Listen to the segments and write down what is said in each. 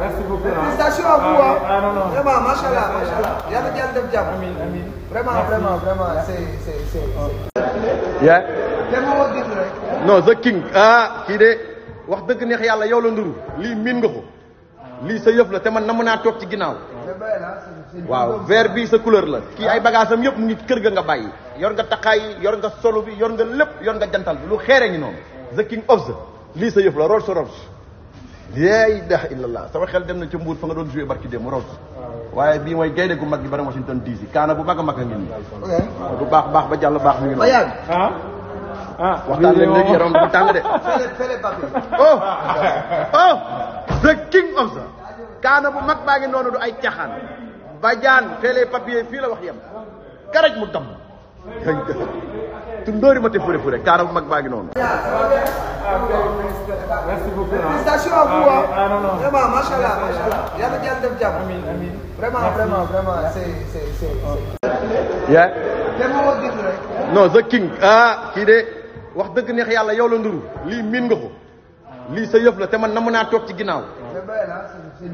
merci beaucoup félicitations à vous ah, ah vraiment the king ah, kii de wax dëgg neex yàlla yow la nduru lii miin nga ko lii sa yëf la te man na mën naa toog ci ginnaaw. waaw vert bi sa couleur la. kii ay ah. bagages am yëpp nit kër ga nga bàyyi. yor nga taqaay yor nga solo bi yor nga lépp yor nga jantal bi lu xeere ñu noonu. the king of the. lii sa yëf la rool sa rool yaa ilaha illallah sama xel dem na ca mbuur fa nga doon joué barki démb rool ah, waaye bii mooy gaynde gu mag gi bari Washington DC kaana bu mag a mag a ngi nii. bu baax baax ba jàll baax mi ngi noonu. ah ah. waxtaan leen léegi yaram bu tàng oh. Oh. kaana bu mag baa ngi noonu du ay caxaan. bajaan fële la wax yem. karaj mu tundoori ma te fure fure kaaram mag baa ngi noonu. merci beaucoup. félicitations à vous ah, ah non non vraiment macha allah macha allah yal na yàlla def jàmm. amiin amiin vraiment vraiment vraiment c'est c'est c'est. yaa. non the king ah kii de wax dëgg neex yàlla yow la nduru lii miin nga ko lii sa yëf la te man namu naa toog ci ginnaaw.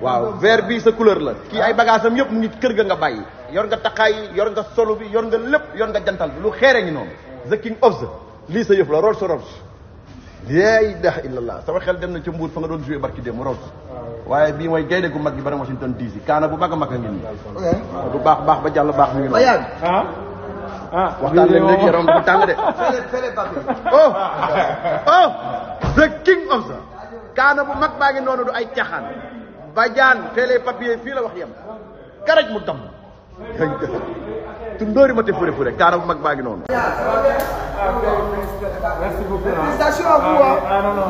waaw vert bi sa couleur la kii ay bagage am yëpp mu kër ga nga bàyyi yor nga taqaay yor nga solo bi yor nga lépp yor nga jantal bi lu xeere ngi noonu the king of the lii sa yëf la Rolls Royce laa ilaha illallah sama xel dem na ca mbuur fa nga doon joué barki dem Rolls waaye bii mooy gaynde gu mag gi bari Washington DC kaana bu mag a mag a ngi nii du baax baax ba jàll baax mi ngi noonu ah. ah waxtaan leen léegi yaram bu tàng de. oh oh the king kaana bu mag baa ngi noonu du ay caxaan bajaan télé papier fii la wax yem karaj mu damm tu ma te fure fure kaana bu mag baa ngi noonu merci beaucoup. félicitations à vous ah.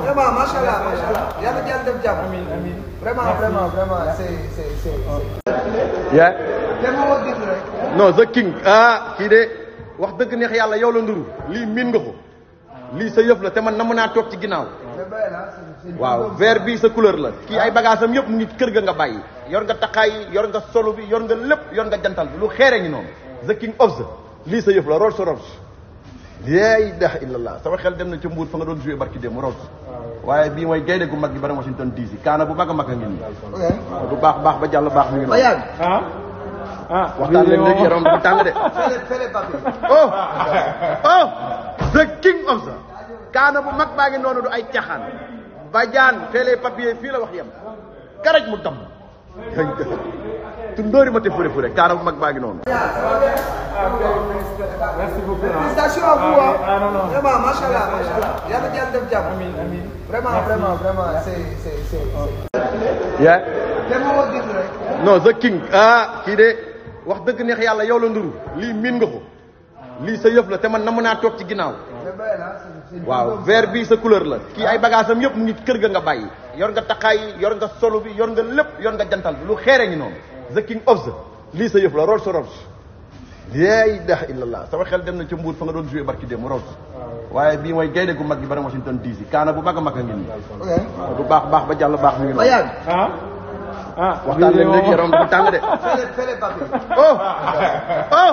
vraiment macha allah macha allah. yal na jàll def jàmm. amiin amiin. vraiment vraiment vraiment c'est c'est c'est. yaa. dama ah, kii de dëgg neex yàlla yow la nduru lii ko lii sa yëf la naa toog ci ginnaaw. waaw vert bi a couleur la kii ay bagage am yëpp mu ngi ga nga bàyyi yor nga taqaay yor nga solo bi yor nga lépp yor nga jantal bi lu xeere a noonu the king of the lii sa yëf la Rolls Royce laa ilaha illallah sama xel dem na ca mbuur fa nga doon joué barki dem Rolls waaye bii mooy gaynde gu mag gi bari Washington DC kaana bu mag a mag a ngi nii waaw du baax baax ba jàll baax mi ngi noonu ah waxtaan leen léegi yaram bu tàng oh, oh! kaana bu mag baa ngi noonu du ay caxaan bajaan télé papier fii la wax yem karaj mu dam dañ ma te fure fure kaana bu mag baa ngi noonu yaa. dama woo king ah kii de wax dëgg neex yàlla yow la nduru lii miin nga ko lii sa yëf la te man namu naa toog ci ginnaaw. waaw vert bi sa couleur la kii ay bagage am yëpp mu ngi kër ga nga bàyyi yor nga taqaay yor nga solo bi yor nga lépp yor nga jantal bi lu xeere ngi noonu the king of the lii sa yëf la Rolls Royce laa ilaaha illallah sama xel dem na ca mbuur fa nga doon joué barki dem Rolls waaye bii mooy gaynde gu mag gi bari Washington DC kaana bu mag a mag a ngi nii du baax baax ba jàll baax mi ngi noonu ah. ah waxtaan leen léegi yaram bu tàng de oh oh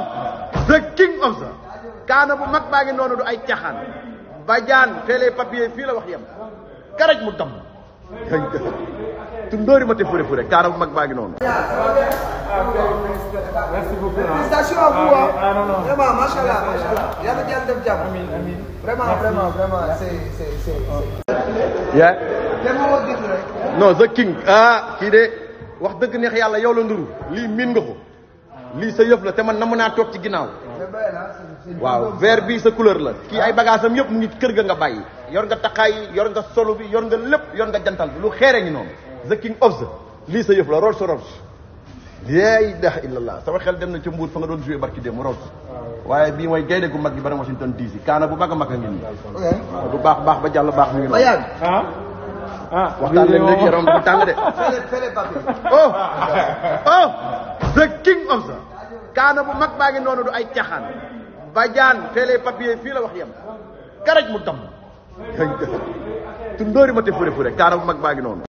the king of the kaana bu mag baa ngi noonu du ay caxaan bajaan télé papier fii la wax yem karaj mu damm tundóori ma te fure fure kaana bu mag baa ngi noonu merci beaucoup ah, ah, vraiment macha the king ah kii de wax dëgg neex yàlla yow la nduru lii miin nga ko lii sa yëf la te man namu naa toog ci ginnaaw waaw vert bi sa couleur la kii ay bagage am yëpp mu kër ga nga bàyyi yor nga taqaay yor nga solo bi yor nga lépp yor nga jantal bi lu xeere ngi noonu the king of the lii sa yëf la Rolls Royce laa ilaha illallah sama xel dem na ca mbuur fa nga doon joué barki dem Rolls waaye bii mooy gaynde gu mag gi bari Washington DC kaana bu mag a mag a ngi nii baax baax jàll baax mi ngi noonu ah. ah waxtaan leen léegi yaram dafa tàng oh oh the kaana bu mag baa ngi noonu du ay caxaan. bajaan télé papier fii la wax yem karaj mu damm tundóori ma te fure fure kaara bu mag baa ngi noonu